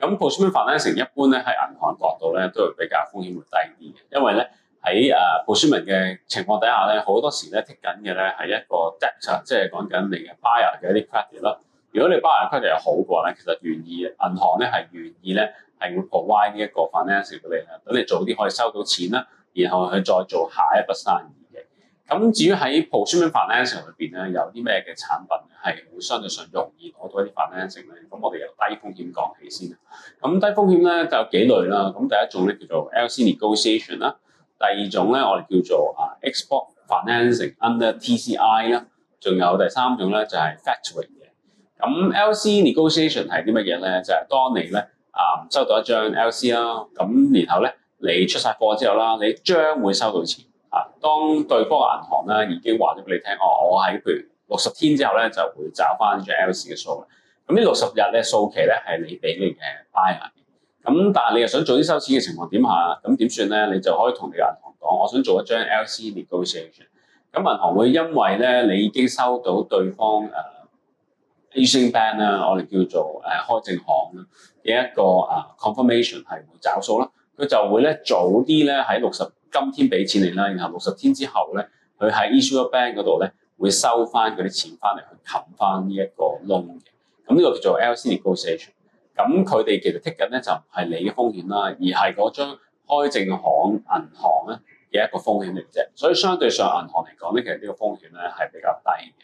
咁 postman finance 成一般咧喺銀行角度咧都會比較風險會低啲嘅，因為咧喺誒 postman 嘅情況底下咧，好多時咧剔緊嘅咧係一個 debtor 即係講緊你嘅 buyer 嘅一啲 credit 咯。如果你 buyer 嘅 credit 好嘅話咧，其實願意銀行咧係願意咧係會 provide 呢一個 finance 俾你啦，等你早啲可以收到錢啦，然後佢再做下一筆生意。咁至於喺 post-shipment financing 裏邊咧，有啲咩嘅產品係會相對上容易攞到一啲 financing 咧？咁我哋由低風險講起先。咁低風險咧就有幾類啦。咁第一種咧叫做 LC negotiation 啦，第二種咧我哋叫做啊 export financing under TCI 啦，仲有第三種咧就係 factoring 嘅。咁 LC negotiation 係啲乜嘢咧？就係、是就是、當你咧啊收到一張 LC 啦，咁然後咧你出晒貨之後啦，你將會收到錢。啊！當對方個銀行咧已經話咗俾你聽、啊，我我喺譬如六十天之後咧就會找翻張 L/C 嘅數嘅。咁呢六十日咧數期咧係你俾你嘅 buyer 嘅咁但係你又想早啲收錢嘅情況點下？咁點算咧？你就可以同你嘅銀行講，我想做一張 L/C negotiation。咁銀行會因為咧你已經收到對方誒、啊、using bank 啦、啊，我哋叫做誒、啊、開證行嘅一個啊 confirmation 係會找數啦，佢、啊、就會咧早啲咧喺六十。今天俾錢你啦，然後六十天之後咧，佢喺 Issuer Bank 嗰度咧會收翻佢啲錢翻嚟去冚翻呢一個窿嘅。咁、這、呢個叫做 LC negotiation。咁佢哋其實 take 緊咧就唔係你嘅風險啦，而係嗰張開證行銀行咧嘅一個風險嚟嘅啫。所以相對上銀行嚟講咧，其實呢個風險咧係比較低嘅。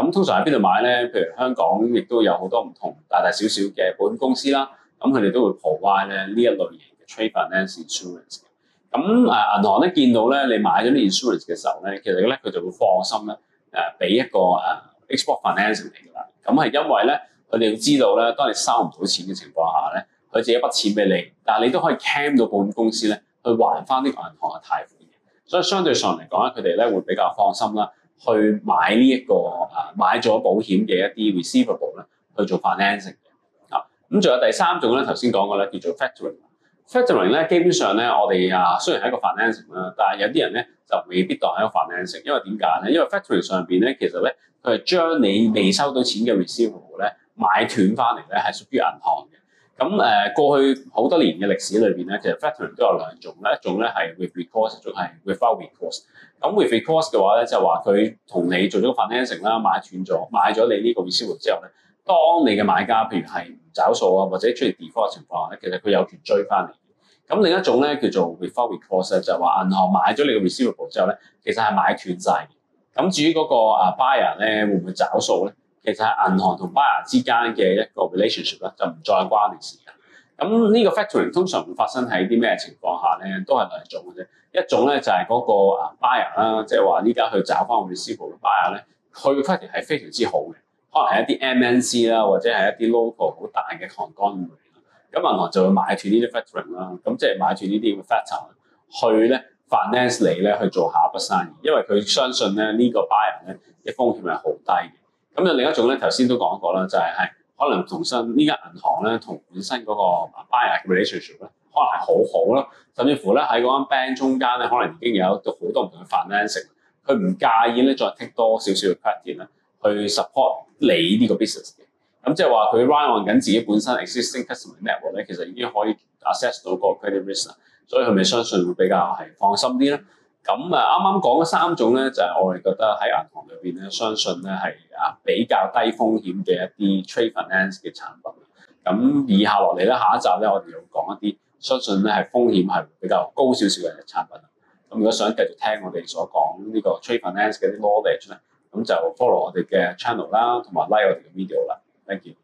咁通常喺邊度買咧？譬如香港亦都有好多唔同大大小小嘅保險公司啦。咁佢哋都會 provide 咧呢一類型嘅 trade finance insurance。咁誒、啊、銀行咧見到咧你買咗啲 insurance 嘅時候咧，其實咧佢就會放心咧誒俾一個誒、uh, export finance 嚟㗎啦。咁係因為咧佢哋要知道咧，當你收唔到錢嘅情況下咧，佢借一筆錢俾你，但係你都可以 claim 到保險公司咧去還翻呢個銀行嘅貸款嘅。所以相對上嚟講咧，佢哋咧會比較放心啦。去買呢、這個啊、一個啊買咗保險嘅一啲 receivable 咧去做 financing 嘅啊。咁仲有第三種咧，頭先講過咧，叫做 factoring。factoring 咧基本上咧我哋啊雖然係一個 financing 啦，但係有啲人咧就未必當係一個 financing，因為點解咧？因為 factoring 上邊咧其實咧佢係將你未收到錢嘅 receivable 咧買斷翻嚟咧係屬於銀行。咁誒過去好多年嘅歷史裏邊咧，其實 factoring 都有兩種咧，一種咧係 with recourse，一種係 without recourse。咁 with recourse 嘅話咧，就話佢同你做咗 financing 啦，買斷咗買咗你呢個 receivable 之後咧，當你嘅買家譬如係唔找數啊，或者出現 default 情況咧，其實佢有權追翻你。咁另一種咧叫做 without recourse 咧，就話銀行買咗你嘅 receivable 之後咧，其實係買斷債。咁至於嗰個啊 buyer 咧會唔會找數咧？其實係銀行同 buyer 之間嘅一個 relationship 咧，就唔再關你事嘅。咁呢個 factoring 通常會發生喺啲咩情況下咧？都係兩種嘅啫。一種咧就係、是、嗰個啊 buyer 啦，即係話依家去找翻我哋師傅嘅 buyer 咧，佢嘅 credit 係非常之好嘅，可能係一啲 MNC 啦，或者係一啲 local 好大嘅 conglomerate 咯。咁銀行就會買斷呢啲 factoring 啦，咁即係買斷呢啲嘅 factoring 去咧 finance 你咧去做下一筆生意，因為佢相信咧呢個 buyer 咧嘅風險係好低嘅。咁啊，另一種咧，頭先都講過啦，就係、係、係可能同新呢間銀行咧，同本身嗰個 buyer relationship 咧，可能係好好咯。甚至乎咧，喺嗰間 bank 中間咧，可能已經有好多唔同嘅 financing，佢唔介意咧再 take 多少少嘅 credit 咧，去 support 你呢個 business 嘅。咁、嗯、即係話佢 run on 緊自己本身 existing customer network 咧，其實已經可以 assess 到嗰個 credit risk 啦。所以佢咪相信會比較係放心啲咧？咁啊，啱啱講咗三種咧，就係、是、我哋覺得喺銀行裏邊咧，相信咧係啊比較低風險嘅一啲 Trade Finance 嘅產品。咁以下落嚟咧，下一集咧，我哋要講一啲相信咧係風險係比較高少少嘅產品。咁如果想繼續聽我哋所講呢個 Trade Finance 嘅啲 knowledge 咧，咁就 follow 我哋嘅 channel 啦，同埋 like 我哋嘅 video 啦。Thank you。